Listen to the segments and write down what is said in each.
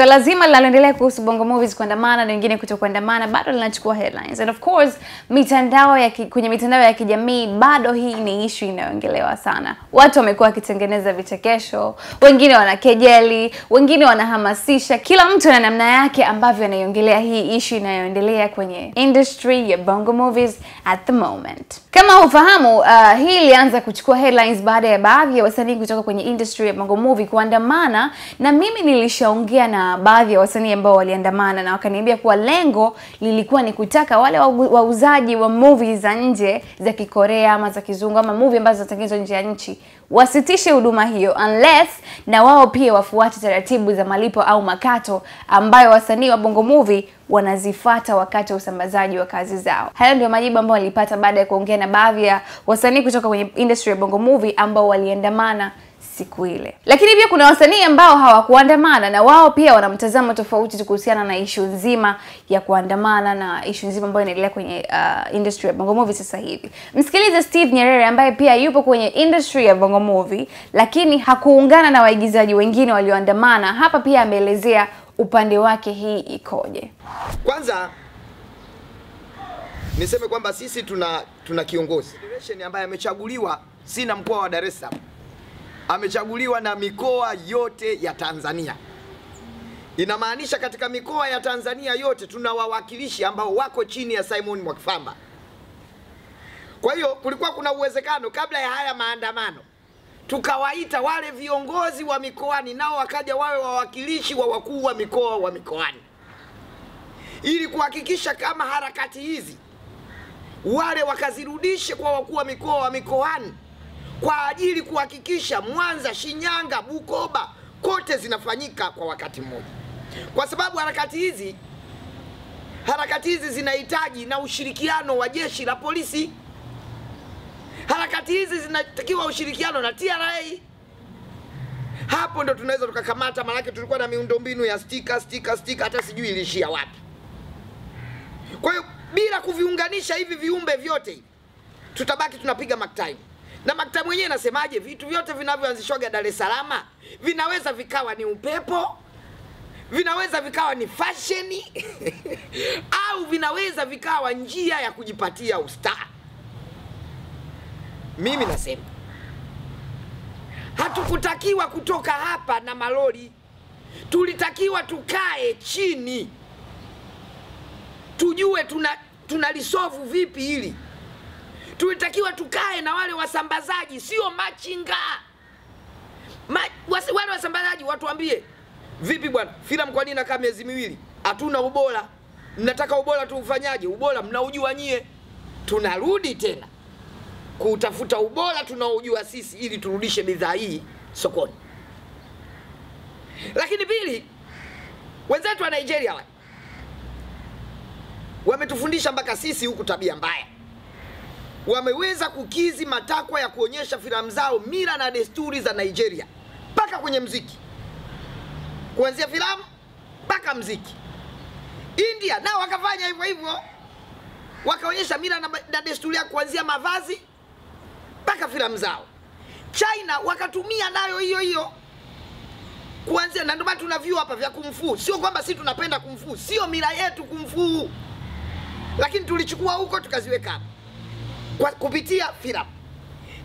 so lazima linaloendelea kuhusu Bongo Movies kuandamana na wengine kutokuandamana bado linachukua headlines. And of course, mitandao ya ki, kwenye mitandao ya kijamii bado hii ni ishu inayoongelewa sana. Watu wamekuwa wakitengeneza vichekesho, wengine wanakejeli, wengine wanahamasisha. Kila mtu ana namna yake ambavyo anaiongelea hii ishu inayoendelea kwenye industry ya Bongo Movies at the moment. Kama hufahamu, uh, hii ilianza kuchukua headlines baada ya baadhi ya wasanii kutoka kwenye industry ya Bongo Movie kuandamana, na mimi nilishaongea na baadhi ya wasanii ambao waliandamana na wakaniambia kuwa lengo lilikuwa ni kutaka wale wauzaji wa movie za nje za Kikorea ama za kizungu ama movie ambazo zinatengenezwa nje ya nchi wasitishe huduma hiyo unless na wao pia wafuate taratibu za malipo au makato ambayo wasanii wa Bongo Movie wanazifata wakati wa usambazaji wa kazi zao. Hayo ndio majibu ambayo walipata baada ya kuongea na baadhi ya wasanii kutoka kwenye industry ya Bongo Movie ambao waliandamana siku ile. Lakini pia kuna wasanii ambao hawakuandamana na wao pia wana mtazamo tofauti kuhusiana na ishu nzima ya kuandamana na ishu nzima ambayo inaendelea kwenye uh, industry ya Bongo Movie sasa hivi. Msikilize Steve Nyerere ambaye pia yupo kwenye industry ya Bongo movie, lakini hakuungana na waigizaji wengine walioandamana. Hapa pia ameelezea upande wake hii ikoje. Kwanza niseme kwamba sisi tuna tuna kiongozi ambaye amechaguliwa si na mkoa wa Dar es Salaam, amechaguliwa na mikoa yote ya Tanzania. Inamaanisha katika mikoa ya Tanzania yote tuna wawakilishi ambao wako chini ya Simon Mwakifamba. Kwa hiyo kulikuwa kuna uwezekano kabla ya haya maandamano tukawaita wale viongozi wa mikoani, nao wakaja wawe wawakilishi wa wakuu wa mikoa wa mikoani, ili kuhakikisha kama harakati hizi wale wakazirudishe kwa wakuu wa mikoa wa mikoani kwa ajili kuhakikisha Mwanza, Shinyanga, Bukoba kote zinafanyika kwa wakati mmoja, kwa sababu harakati hizi harakati hizi zinahitaji na ushirikiano wa jeshi la polisi. Harakati hizi zinatakiwa ushirikiano na TRA. Hapo ndo tunaweza tukakamata, maanake tulikuwa na miundombinu ya stika stika stika, hata sijui ilishia wapi. Kwa hiyo bila kuviunganisha hivi viumbe vyote tutabaki tunapiga maktime na maktime mwenyewe inasemaje? Vitu vyote vinavyoanzishwaga Dar es Salaam vinaweza vikawa ni upepo, vinaweza vikawa ni fasheni au vinaweza vikawa njia ya kujipatia ustaa. Mimi nasema hatukutakiwa kutoka hapa na malori, tulitakiwa tukae chini tujue tuna tunalisovu vipi hili. Tulitakiwa tukae na wale wasambazaji, sio machinga Ma, was, wale wasambazaji watuambie vipi bwana, filamu kwa nini inakaa miezi miwili? Hatuna ubora, mnataka ubora tuufanyaje? Ubora mnaujua nyie, tunarudi tena kutafuta ubora tunaojua sisi ili turudishe bidhaa hii sokoni. Lakini pili, wenzetu wa Nigeria wale wametufundisha mpaka sisi huku tabia mbaya. Wameweza kukizi matakwa ya kuonyesha filamu zao mila na desturi za Nigeria mpaka kwenye mziki, kuanzia filamu mpaka mziki. India nao wakafanya hivyo hivyo, wakaonyesha mila na, na desturi ya kuanzia mavazi wakaweka filamu zao. China wakatumia nayo hiyo hiyo kuanzia, na ndio maana tuna vyuo hapa vya kumfuu Sio kwamba si tunapenda kumfuu sio mila yetu kumfuu lakini tulichukua huko tukaziweka hapa kwa kupitia filamu.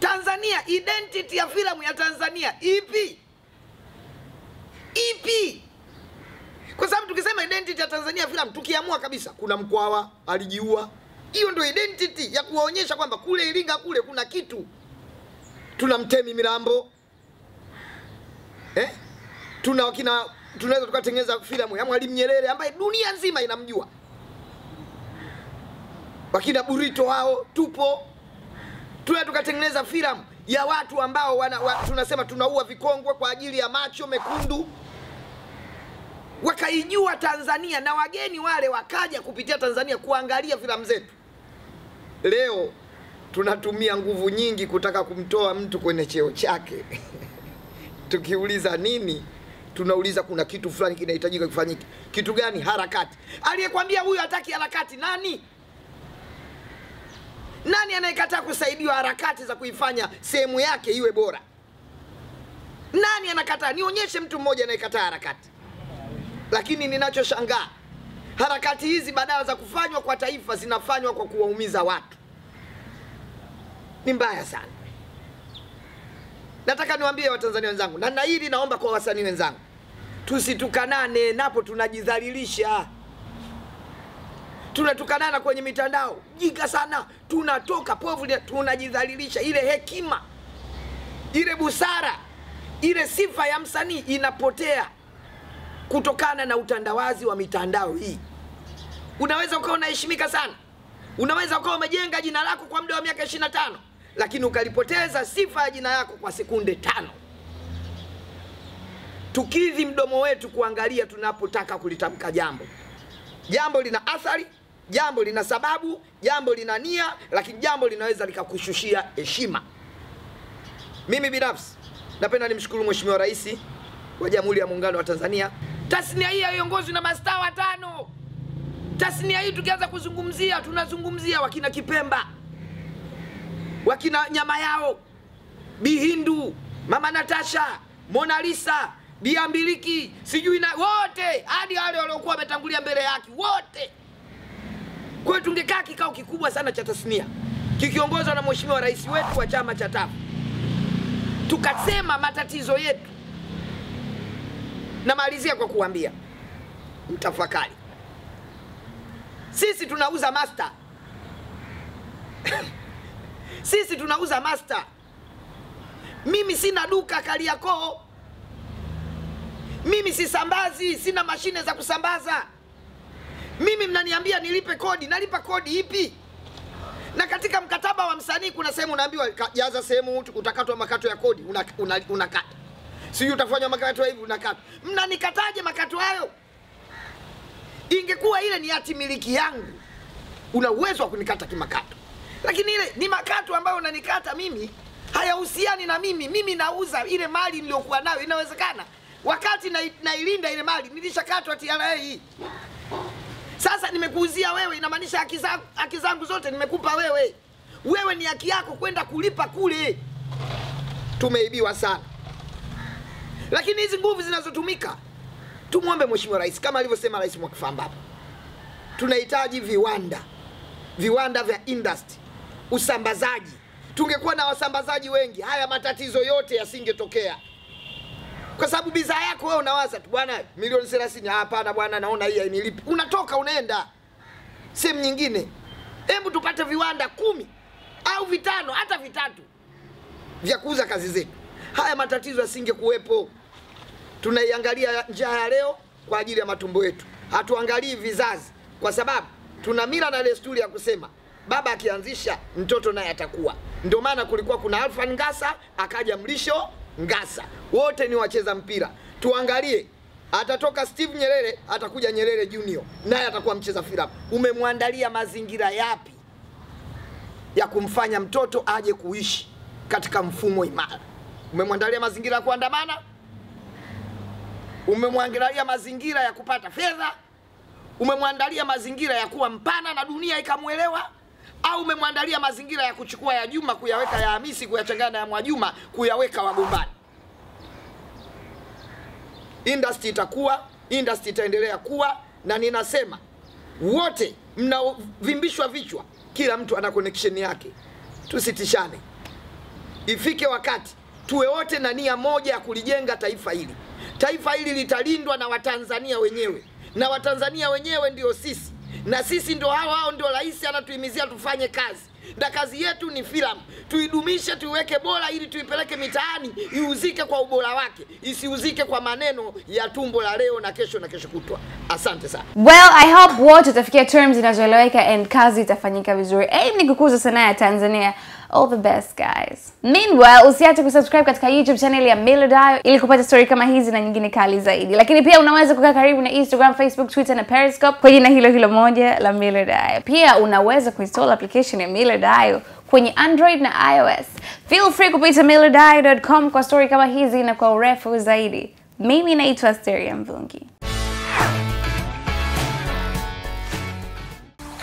Tanzania, identity ya filamu ya Tanzania ipi? Ipi? Kwa sababu tukisema identity ya Tanzania filamu, tukiamua kabisa, kuna Mkwawa alijiua, hiyo ndio identity ya kuwaonyesha kwamba kule Iringa kule kuna kitu. Tuna Mtemi Milambo eh? tuna wakina, tunaweza tukatengeneza filamu ya Mwalimu Nyerere ambaye dunia nzima inamjua, wakina Burito hao tupo, tunaweza tukatengeneza filamu ya watu ambao wana, wa, tunasema tunaua vikongwe kwa ajili ya macho mekundu wakaijua Tanzania na wageni wale wakaja kupitia Tanzania kuangalia filamu zetu. Leo tunatumia nguvu nyingi kutaka kumtoa mtu kwenye cheo chake tukiuliza nini? Tunauliza kuna kitu fulani kinahitajika kifanyike. Kitu gani? Harakati. Aliyekwambia huyu hataki harakati nani? Nani anayekataa kusaidiwa harakati za kuifanya sehemu yake iwe bora? Nani anakataa? Nionyeshe mtu mmoja anayekataa harakati. Lakini ninachoshangaa harakati hizi badala za kufanywa kwa taifa zinafanywa kwa kuwaumiza watu, ni mbaya sana. Nataka niwaambie Watanzania wenzangu, na hili naomba kwa wasanii wenzangu, tusitukanane, napo tunajidhalilisha tunatukanana kwenye mitandao jika sana, tunatoka povu, tunajidhalilisha. Ile hekima, ile busara, ile sifa ya msanii inapotea kutokana na utandawazi wa mitandao hii. Unaweza ukawa unaheshimika sana, unaweza ukawa umejenga jina lako kwa muda wa miaka 25 lakini ukalipoteza sifa ya jina yako kwa sekunde tano. Tukidhi mdomo wetu kuangalia tunapotaka kulitamka jambo, jambo lina athari, jambo lina sababu, jambo lina nia, lakini jambo linaweza likakushushia heshima. Mimi binafsi napenda nimshukuru Mheshimiwa Rais wa Jamhuri ya Muungano wa Tanzania Tasnia hii haiongozwi na mastaa watano. Tasnia hii tukianza kuzungumzia, tunazungumzia wakina Kipemba, wakina nyama yao, Bihindu, mama Natasha, Mona Lisa, Biambiliki, sijui na wote, hadi wale waliokuwa wametangulia mbele yake wote. Kwa tungekaa kikao kikubwa sana cha tasnia kikiongozwa na mheshimiwa rais wetu wa chama cha TAFU, tukasema matatizo yetu Namalizia kwa kuambia mtafakari, sisi tunauza master sisi tunauza master. Mimi sina duka Kariakoo, mimi sisambazi, sina mashine za kusambaza. Mimi mnaniambia nilipe kodi, nalipa kodi ipi? Na katika mkataba wa msanii kuna sehemu unaambiwa jaza sehemu utakatwa makato ya kodi, unakata una, una sijui utafanya makato hivi nakata. Mnanikataje makato hayo? Ingekuwa ile ni hati miliki yangu, una uwezo wa kunikata kimakato, lakini ile ni makato ambayo unanikata mimi hayahusiani na mimi. Mimi nauza ile mali niliyokuwa nayo, inawezekana wakati nailinda na ile mali nilishakatwa TRA hii. Sasa nimekuuzia wewe, inamaanisha haki zangu zote nimekupa wewe. Wewe ni haki yako kwenda kulipa kule. Tumeibiwa sana. Lakini hizi nguvu zinazotumika, tumwombe Mheshimiwa Rais kama alivyosema Rais Mwakifamba hapa, tunahitaji viwanda, viwanda vya industry, usambazaji. Tungekuwa na wasambazaji wengi, haya matatizo yote yasingetokea kwa sababu bidhaa yako wewe unawaza tu bwana, milioni thelathini. hapana bwana, naona hii hainilipi. Unatoka unaenda sehemu nyingine. Hebu tupate viwanda kumi au vitano, hata vitatu vya kuuza kazi zetu haya matatizo yasingekuwepo. Tunaiangalia njaa ya leo kwa ajili ya matumbo yetu, hatuangalii vizazi, kwa sababu tuna mila na desturi ya kusema baba akianzisha mtoto naye atakuwa. Ndio maana kulikuwa kuna Alfred Ngasa akaja Mlisho Ngasa, wote ni wacheza mpira. Tuangalie, atatoka Steve Nyerere, atakuja Nyerere Junior naye atakuwa mcheza filamu. Umemwandalia mazingira yapi ya kumfanya mtoto aje kuishi katika mfumo imara? Umemwandalia mazingira ya kuandamana, umemwandalia mazingira ya kupata fedha, umemwandalia mazingira ya kuwa mpana na dunia ikamwelewa, au umemwandalia mazingira ya kuchukua ya Juma kuyaweka ya Hamisi na ya Mwajuma kuyaweka wagombani. Industry itakuwa, industry itaendelea kuwa, na ninasema wote mnavimbishwa vichwa, kila mtu ana connection yake, tusitishane. Ifike wakati tuwe wote na nia moja ya kulijenga taifa hili. Taifa hili litalindwa na Watanzania wenyewe, na Watanzania wenyewe ndio sisi, na sisi ndio hao hao, ndio rais anatuhimizia tufanye kazi na kazi yetu ni filamu, tuidumishe, tuiweke bora ili tuipeleke mitaani, iuzike kwa ubora wake, isiuzike kwa maneno ya tumbo la leo na kesho na kesho kutwa. Asante sana. Well, I hope wote utafikia terms zinazoeleweka and kazi itafanyika vizuri. Aim ni kukuza sanaa ya Tanzania all the best guys. Meanwhile, usiache kusubscribe katika YouTube channel ya Melodayo ili kupata story kama hizi na nyingine kali zaidi. Lakini pia unaweza kukaa karibu na Instagram, Facebook, Twitter na Periscope kwa jina hilo hilo moja la Melodayo. Pia unaweza kuinstall application ya Melodayo kwenye Android na iOS. Feel free kupita melodayo.com kwa story kama hizi na kwa urefu zaidi. Mimi naitwa Asteria Mvungi.